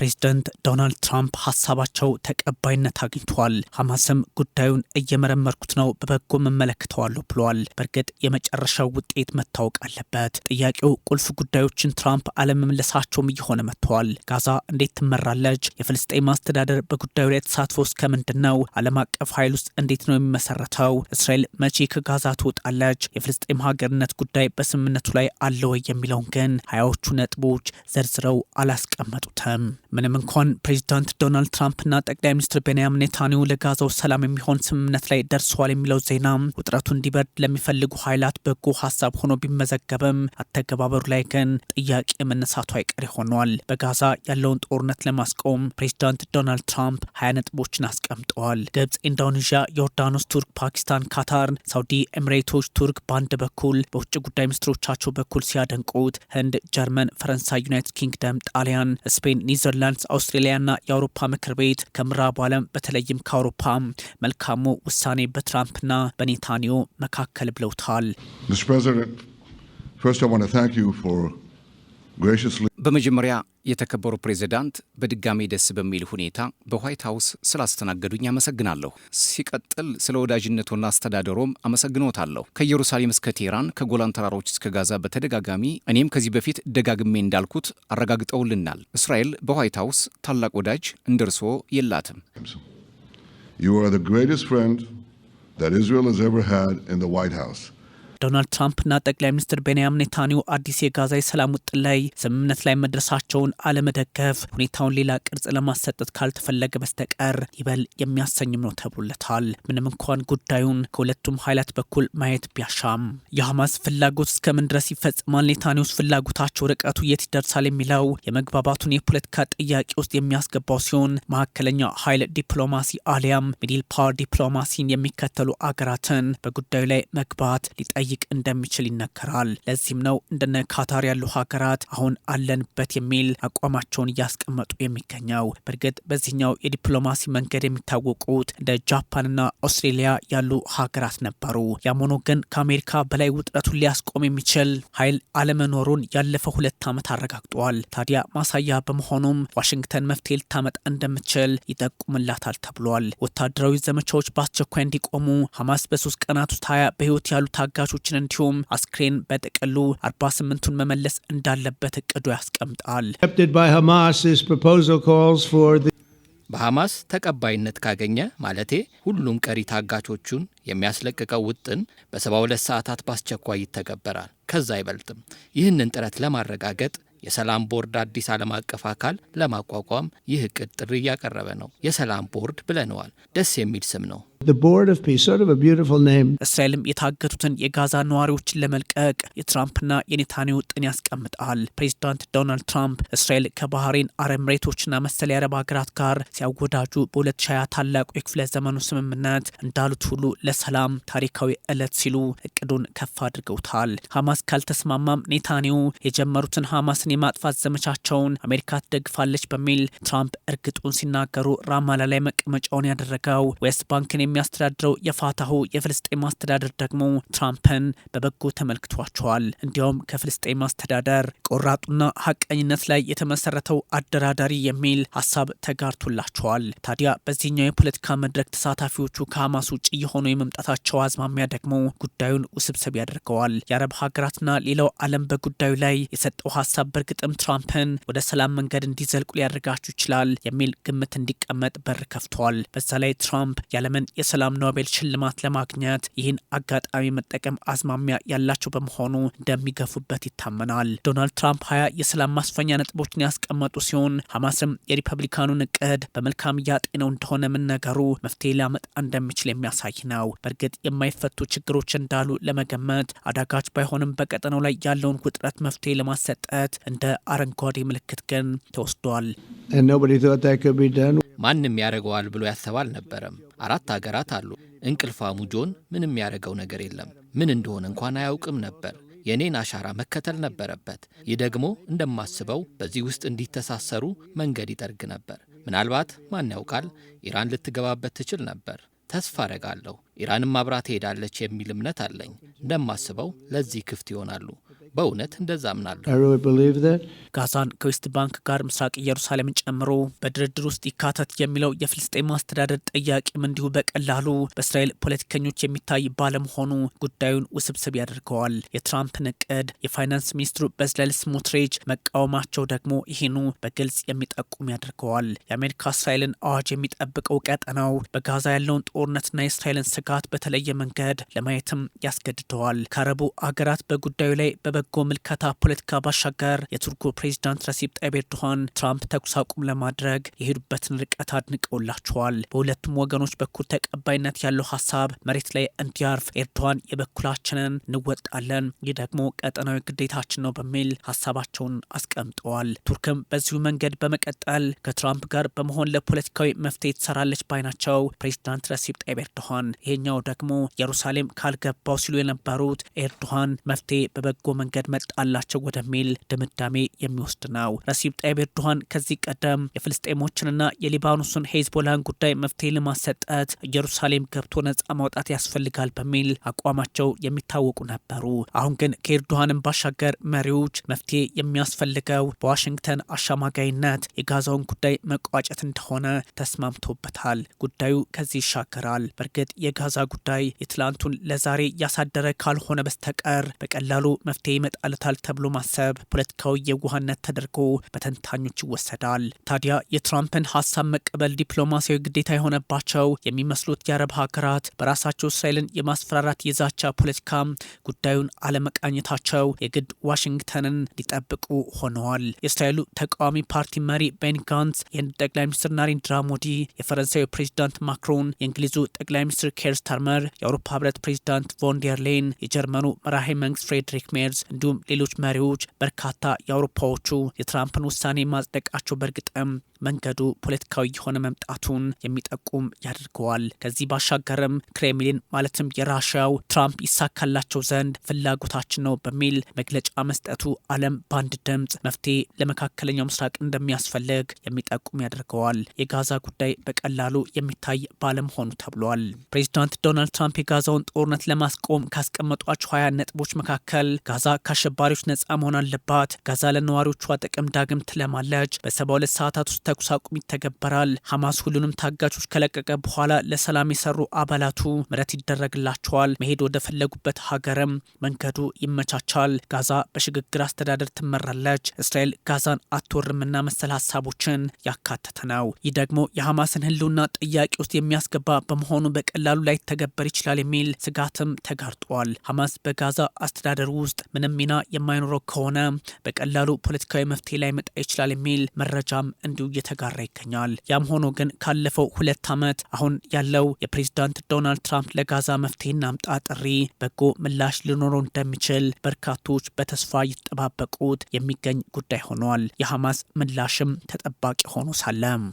ፕሬዝደንት ዶናልድ ትራምፕ ሀሳባቸው ተቀባይነት አግኝቷል። ሐማስም ጉዳዩን እየመረመርኩት ነው፣ በበጎም እመለከተዋለሁ ብለዋል። በእርግጥ የመጨረሻው ውጤት መታወቅ አለበት። ጥያቄው ቁልፍ ጉዳዮችን ትራምፕ አለመመለሳቸውም እየሆነ መጥተዋል። ጋዛ እንዴት ትመራለች? የፍልስጤም አስተዳደር በጉዳዩ ላይ ተሳትፎ እስከ ምንድን ነው? ዓለም አቀፍ ኃይል ውስጥ እንዴት ነው የሚመሰረተው? እስራኤል መቼ ከጋዛ ትወጣለች? የፍልስጤም ሀገርነት ጉዳይ በስምምነቱ ላይ አለ ወይ የሚለውን ግን ሀያዎቹ ነጥቦች ዘርዝረው አላስቀመጡትም። ምንም እንኳን ፕሬዚዳንት ዶናልድ ትራምፕና ጠቅላይ ሚኒስትር ቤንያሚን ኔታንያሁ ለጋዛው ሰላም የሚሆን ስምምነት ላይ ደርሰዋል የሚለው ዜና ውጥረቱ እንዲበርድ ለሚፈልጉ ኃይላት በጎ ሀሳብ ሆኖ ቢመዘገብም አተገባበሩ ላይ ግን ጥያቄ መነሳቱ አይቀሬ ሆኗል። በጋዛ ያለውን ጦርነት ለማስቆም ፕሬዚዳንት ዶናልድ ትራምፕ ሀያ ነጥቦችን አስቀምጠዋል። ግብፅ፣ ኢንዶኔዥያ፣ ዮርዳኖስ፣ ቱርክ፣ ፓኪስታን፣ ካታር፣ ሳውዲ ኤምሬቶች፣ ቱርክ በአንድ በኩል በውጭ ጉዳይ ሚኒስትሮቻቸው በኩል ሲያደንቁት፣ ህንድ፣ ጀርመን፣ ፈረንሳይ፣ ዩናይትድ ኪንግደም፣ ጣሊያን፣ ስፔን፣ ኒዘር ኔዘርላንድስ፣ አውስትሬሊያና የአውሮፓ ምክር ቤት ከምዕራቡ ዓለም በተለይም ከአውሮፓ መልካሙ ውሳኔ በትራምፕና በኔታንያሁ መካከል ብለውታል። በመጀመሪያ የተከበሩ ፕሬዚዳንት በድጋሜ ደስ በሚል ሁኔታ በዋይት ሀውስ ስላስተናገዱኝ አመሰግናለሁ። ሲቀጥል ስለ ወዳጅነቱና አስተዳደሮም አመሰግኖታለሁ። ከኢየሩሳሌም እስከ ቴህራን፣ ከጎላን ተራሮች እስከ ጋዛ በተደጋጋሚ እኔም ከዚህ በፊት ደጋግሜ እንዳልኩት አረጋግጠውልናል። እስራኤል በዋይት ሀውስ ታላቅ ወዳጅ እንደ እርስዎ የላትም። You are the greatest friend that Israel has ever had in the White House. ዶናልድ ትራምፕና ጠቅላይ ሚኒስትር ቤንያም ኔታንያሁ አዲስ የጋዛ የሰላም ውጥ ላይ ስምምነት ላይ መድረሳቸውን አለመደገፍ ሁኔታውን ሌላ ቅርጽ ለማሰጠት ካልተፈለገ በስተቀር ይበል የሚያሰኝም ነው ተብሎለታል። ምንም እንኳን ጉዳዩን ከሁለቱም ኃይላት በኩል ማየት ቢያሻም የሐማስ ፍላጎት እስከምን ድረስ ይፈጽማል፣ ኔታንያሁስ ፍላጎታቸው ርቀቱ የት ይደርሳል የሚለው የመግባባቱን የፖለቲካ ጥያቄ ውስጥ የሚያስገባው ሲሆን መካከለኛ ኃይል ዲፕሎማሲ አሊያም ሚድል ፓወር ዲፕሎማሲን የሚከተሉ አገራትን በጉዳዩ ላይ መግባት ሊጠይቅ ሊጠይቅ እንደሚችል ይነገራል። ለዚህም ነው እንደነ ካታር ያሉ ሀገራት አሁን አለንበት የሚል አቋማቸውን እያስቀመጡ የሚገኘው። በእርግጥ በዚህኛው የዲፕሎማሲ መንገድ የሚታወቁት እንደ ጃፓንና ኦስትሬሊያ ያሉ ሀገራት ነበሩ። ያም ሆኖ ግን ከአሜሪካ በላይ ውጥረቱን ሊያስቆም የሚችል ኃይል አለመኖሩን ያለፈው ሁለት ዓመት አረጋግጧል። ታዲያ ማሳያ በመሆኑም ዋሽንግተን መፍትሄ ልታመጣ እንደምትችል ይጠቁምላታል ተብሏል። ወታደራዊ ዘመቻዎች በአስቸኳይ እንዲቆሙ ሐማስ በሶስት ቀናት ውስጥ ሀያ በህይወት ያሉ ታጋቾች አስከሬኖችን እንዲሁም አስክሬን በጥቅሉ 48ቱን መመለስ እንዳለበት እቅዱ ያስቀምጣል። በሐማስ ተቀባይነት ካገኘ ማለቴ ሁሉም ቀሪ ታጋቾቹን የሚያስለቅቀው ውጥን በ72 ሰዓታት በአስቸኳይ ይተገበራል። ከዛ አይበልጥም። ይህንን ጥረት ለማረጋገጥ የሰላም ቦርድ አዲስ ዓለም አቀፍ አካል ለማቋቋም ይህ እቅድ ጥሪ እያቀረበ ነው። የሰላም ቦርድ ብለነዋል። ደስ የሚል ስም ነው። እስራኤልም የታገቱትን የጋዛ ነዋሪዎችን ለመልቀቅ የትራምፕና የኔታንያሁ ጥን ያስቀምጣል። ፕሬዚዳንት ዶናልድ ትራምፕ እስራኤል ከባህሬን አረብ ኤሚሬቶችና መሰል የአረብ ሀገራት ጋር ሲያወዳጁ በ2020 ታላቁ የክፍለ ዘመኑ ስምምነት እንዳሉት ሁሉ ለሰላም ታሪካዊ ዕለት ሲሉ እቅዱን ከፍ አድርገውታል። ሐማስ ካልተስማማም ኔታንያሁ የጀመሩትን ሐማስን የማጥፋት ዘመቻቸውን አሜሪካ ትደግፋለች በሚል ትራምፕ እርግጡን ሲናገሩ ራማላ ላይ መቀመጫውን ያደረገው ዌስት ባንክን የሚያስተዳድረው የፋታሁ የፍልስጤም አስተዳደር ደግሞ ትራምፕን በበጎ ተመልክቷቸዋል። እንዲያውም ከፍልስጤም አስተዳደር ቆራጡና ሀቀኝነት ላይ የተመሰረተው አደራዳሪ የሚል ሀሳብ ተጋርቶላቸዋል። ታዲያ በዚህኛው የፖለቲካ መድረክ ተሳታፊዎቹ ከሀማስ ውጭ የሆኑ የመምጣታቸው አዝማሚያ ደግሞ ጉዳዩን ውስብስብ ያደርገዋል። የአረብ ሀገራትና ሌላው ዓለም በጉዳዩ ላይ የሰጠው ሀሳብ በእርግጥም ትራምፕን ወደ ሰላም መንገድ እንዲዘልቁ ሊያደርጋቸው ይችላል የሚል ግምት እንዲቀመጥ በር ከፍተዋል። በዛ ላይ ትራምፕ ያለምን የሰላም ኖቤል ሽልማት ለማግኘት ይህን አጋጣሚ መጠቀም አዝማሚያ ያላቸው በመሆኑ እንደሚገፉበት ይታመናል። ዶናልድ ትራምፕ ሀያ የሰላም ማስፈኛ ነጥቦችን ያስቀመጡ ሲሆን ሐማስም የሪፐብሊካኑን እቅድ በመልካም እያጤነው እንደሆነ መነገሩ መፍትሄ ሊያመጣ እንደሚችል የሚያሳይ ነው። በእርግጥ የማይፈቱ ችግሮች እንዳሉ ለመገመት አዳጋች ባይሆንም በቀጠናው ላይ ያለውን ውጥረት መፍትሄ ለማሰጠት እንደ አረንጓዴ ምልክት ግን ተወስዷል። ማንም ያደርገዋል ብሎ ያሰበ አልነበረም። አራት ሀገራት አሉ። እንቅልፋሙ ጆን ምንም ያደረገው ነገር የለም። ምን እንደሆነ እንኳን አያውቅም ነበር። የእኔን አሻራ መከተል ነበረበት። ይህ ደግሞ እንደማስበው በዚህ ውስጥ እንዲተሳሰሩ መንገድ ይጠርግ ነበር። ምናልባት ማን ያውቃል፣ ኢራን ልትገባበት ትችል ነበር። ተስፋ አረጋለሁ። ኢራንም አብራ ትሄዳለች የሚል እምነት አለኝ። እንደማስበው ለዚህ ክፍት ይሆናሉ። በእውነት እንደዛ አምናለሁ። ጋዛን ከዌስት ባንክ ጋር ምስራቅ ኢየሩሳሌምን ጨምሮ በድርድር ውስጥ ይካተት የሚለው የፍልስጤም አስተዳደር ጥያቄም እንዲሁ በቀላሉ በእስራኤል ፖለቲከኞች የሚታይ ባለመሆኑ ጉዳዩን ውስብስብ ያደርገዋል። የትራምፕን እቅድ የፋይናንስ ሚኒስትሩ በዝለል ስሞትሪች መቃወማቸው ደግሞ ይህኑ በግልጽ የሚጠቁም ያደርገዋል። የአሜሪካ እስራኤልን አዋጅ የሚጠብቀው ቀጠናው በጋዛ ያለውን ጦርነትና የእስራኤልን ስጋት በተለየ መንገድ ለማየትም ያስገድደዋል። ከአረቡ አገራት በጉዳዩ ላይ በበ ከበጎ ምልከታ ፖለቲካ ባሻገር የቱርኩ ፕሬዚዳንት ረሲብ ጣይብ ኤርዶሃን ትራምፕ ተኩስ አቁም ለማድረግ የሄዱበትን ርቀት አድንቀውላቸዋል። በሁለቱም ወገኖች በኩል ተቀባይነት ያለው ሀሳብ መሬት ላይ እንዲያርፍ ኤርዶሃን የበኩላችንን እንወጣለን፣ ይህ ደግሞ ቀጠናዊ ግዴታችን ነው በሚል ሀሳባቸውን አስቀምጠዋል። ቱርክም በዚሁ መንገድ በመቀጠል ከትራምፕ ጋር በመሆን ለፖለቲካዊ መፍትሄ ትሰራለች ባይ ናቸው ፕሬዚዳንት ረሲብ ጣይብ ኤርዶሃን። ይሄኛው ደግሞ ኢየሩሳሌም ካልገባው ሲሉ የነበሩት ኤርዶሃን መፍትሄ በበጎ መንገድ መጣላቸው ወደሚል ድምዳሜ የሚወስድ ነው። ረሲብ ጣይብ ኤርዶሃን ከዚህ ቀደም የፍልስጤሞችንና የሊባኖሱን ሄዝቦላን ጉዳይ መፍትሄ ለማሰጠት ኢየሩሳሌም ገብቶ ነጻ ማውጣት ያስፈልጋል በሚል አቋማቸው የሚታወቁ ነበሩ። አሁን ግን ከኤርዶሃንም ባሻገር መሪዎች መፍትሄ የሚያስፈልገው በዋሽንግተን አሸማጋይነት የጋዛውን ጉዳይ መቋጨት እንደሆነ ተስማምቶበታል። ጉዳዩ ከዚህ ይሻገራል። በእርግጥ የጋዛ ጉዳይ የትላንቱን ለዛሬ ያሳደረ ካልሆነ በስተቀር በቀላሉ መፍትሄ ይመጣልታል ተብሎ ማሰብ ፖለቲካዊ የዋህነት ተደርጎ በተንታኞች ይወሰዳል። ታዲያ የትራምፕን ሀሳብ መቀበል ዲፕሎማሲያዊ ግዴታ የሆነባቸው የሚመስሉት የአረብ ሀገራት በራሳቸው እስራኤልን የማስፈራራት የዛቻ ፖለቲካ ጉዳዩን አለመቃኘታቸው የግድ ዋሽንግተንን ሊጠብቁ ሆነዋል። የእስራኤሉ ተቃዋሚ ፓርቲ መሪ ቤን ጋንስ፣ የህንድ ጠቅላይ ሚኒስትር ናሬንድራ ሞዲ፣ የፈረንሳዩ ፕሬዚዳንት ማክሮን፣ የእንግሊዙ ጠቅላይ ሚኒስትር ኬር ስታርመር፣ የአውሮፓ ህብረት ፕሬዚዳንት ቮን ዴር ሌን፣ የጀርመኑ መራሄ መንግስት ፍሬድሪክ ሜርዝ እንዲሁም ሌሎች መሪዎች በርካታ የአውሮፓዎቹ የትራምፕን ውሳኔ ማጽደቃቸው በእርግጥም መንገዱ ፖለቲካዊ የሆነ መምጣቱን የሚጠቁም ያደርገዋል። ከዚህ ባሻገርም ክሬምሊን ማለትም የራሽያው ትራምፕ ይሳካላቸው ዘንድ ፍላጎታችን ነው በሚል መግለጫ መስጠቱ ዓለም በአንድ ድምፅ መፍትሄ ለመካከለኛው ምስራቅ እንደሚያስፈልግ የሚጠቁም ያደርገዋል። የጋዛ ጉዳይ በቀላሉ የሚታይ ባለመሆኑ ተብሏል። ፕሬዚዳንት ዶናልድ ትራምፕ የጋዛውን ጦርነት ለማስቆም ካስቀመጧቸው ሀያ ነጥቦች መካከል ጋዛ ከአሸባሪዎች ነጻ መሆን አለባት። ጋዛ ለነዋሪዎቿ ጥቅም ዳግም ትለማለች። በሰባ ሁለት ሰዓታት ውስጥ ተኩስ አቁም ይተገበራል። ሐማስ ሁሉንም ታጋቾች ከለቀቀ በኋላ ለሰላም የሰሩ አባላቱ ምረት ይደረግላቸዋል። መሄድ ወደ ፈለጉበት ሀገርም መንገዱ ይመቻቻል። ጋዛ በሽግግር አስተዳደር ትመራለች። እስራኤል ጋዛን አትወርምና መሰል ሀሳቦችን ያካተተ ነው። ይህ ደግሞ የሐማስን ህልውና ጥያቄ ውስጥ የሚያስገባ በመሆኑ በቀላሉ ላይተገበር ይችላል የሚል ስጋትም ተጋርጧል። ሐማስ በጋዛ አስተዳደር ውስጥ ምንም ምንም ሚና የማይኖረው ከሆነ በቀላሉ ፖለቲካዊ መፍትሄ ላይ መጣ ይችላል የሚል መረጃም እንዲሁ እየተጋራ ይገኛል። ያም ሆኖ ግን ካለፈው ሁለት ዓመት አሁን ያለው የፕሬዚዳንት ዶናልድ ትራምፕ ለጋዛ መፍትሄና አምጣ ጥሪ በጎ ምላሽ ሊኖረው እንደሚችል በርካቶች በተስፋ እየተጠባበቁት የሚገኝ ጉዳይ ሆኗል። የሐማስ ምላሽም ተጠባቂ ሆኖ ሳለም